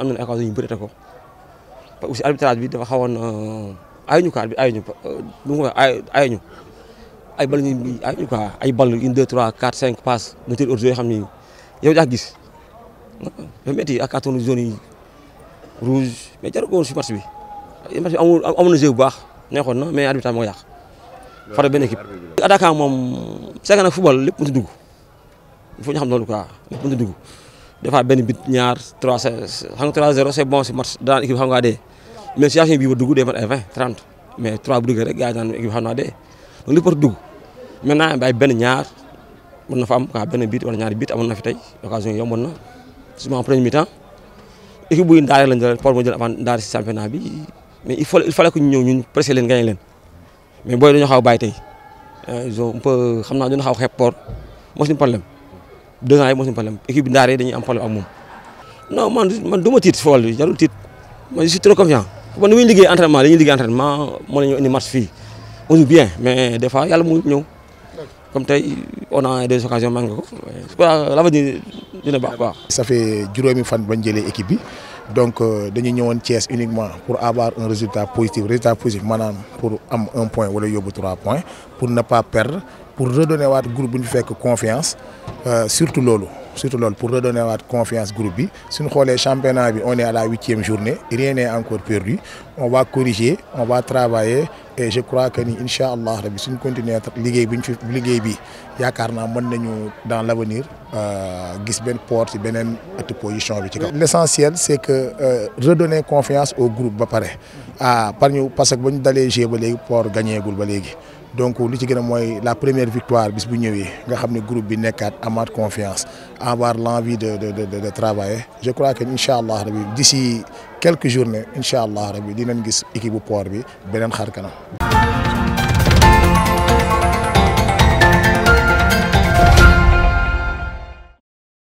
am nañu occasion yu bëri te ko aussi arbitrage bi dafa xawoon euh, ayuñu quoi ayuñu euh, nu ma ay ayuñu ay bal ñu ayuñu quoi ay bal une deux trois quatre cinq passe ñu teel heure yoo xam ni yow daa gis yow métti ak carton jaune yi rouge mais jaru ko woon si match bi match bi amul amul na jeu bu baax neexoon na mais arbitrage moo yàq faral benn équipe. attaquant moom c'est que nag football lépp mënut a dugg il faut ñu xam loolu quoi lépp mënut a dugg. defaat benn bit ñaar 3 xam nga 3 0 c'est bon si match daan équipe xam ngaa dee mais situation bii ba dugg day mat ay 20 30 mais 3 bu duggee rek gars yi daan équipe xam naa dee donc li par bay benn ñaar mën na fa am benn bit wala ñaar bit amoon na fi tey occasion yomboon na souvent en premier mi-temps équipe buy ndaare lañ jël Paul moo jël avant ndaare si championnat bi mais il faut il fallait que ñu ñëw ñun pressé leen gagné leen mais booy dañoo xaw a bàyyi tey euh, ils ont un peu naa dañoo xaw a xeeb Paul moo suñu problème deux ans yi moo suñu problème équipe bi ndaaree dañuy am problème ak moom non man man du ma tiit fool bi jarul tiit man je suis trop confiant man ni ligue entraînement dañuy ligue entraînement moo la ñu indi match fii on joue bien mais des fois yàlla mu ñëw comme tey on a des occasions manqué ko quoi l'avenir dina baax quoi. ça fait juróomi fan bañ jëlee équipe bi donc euh, dañu ñëwoon Thiès uniquement pour avoir un résultat positif résultat positif maanaam pour am un point wala yóbbu trois points pour ne pas perdre pour redonner waat groupe une ñu fekk confiance euh, surtout Lolo, surtout loolu pour redonner waat confiance groupe bi suñu xoolee championnat bi on est à la huitième journée rien n'est encore perdu on va corriger on va travailler et je crois que ni incha allah rabi suñ continuer liggéey bi ñu ligue bi yaakaar naa nañu dans l'avenir avenir euh, gis benn porte ci beneen ëtt position bi ci kaw. l' essentiel c' que euh, redonner confiance au groupe ba pare ah parce que ba ñu jouer ba gagner le gagné gul ba donc li ci gën a la première victoire bis bu ñëwee nga xam groupe bi nekkaat amaat confiance avoir l'envie de de de de travailler je crois que InshAllah, d'ici rabi quelques journées InshAllah, allah rabi dinañ gis équipe bu port bi xar kanam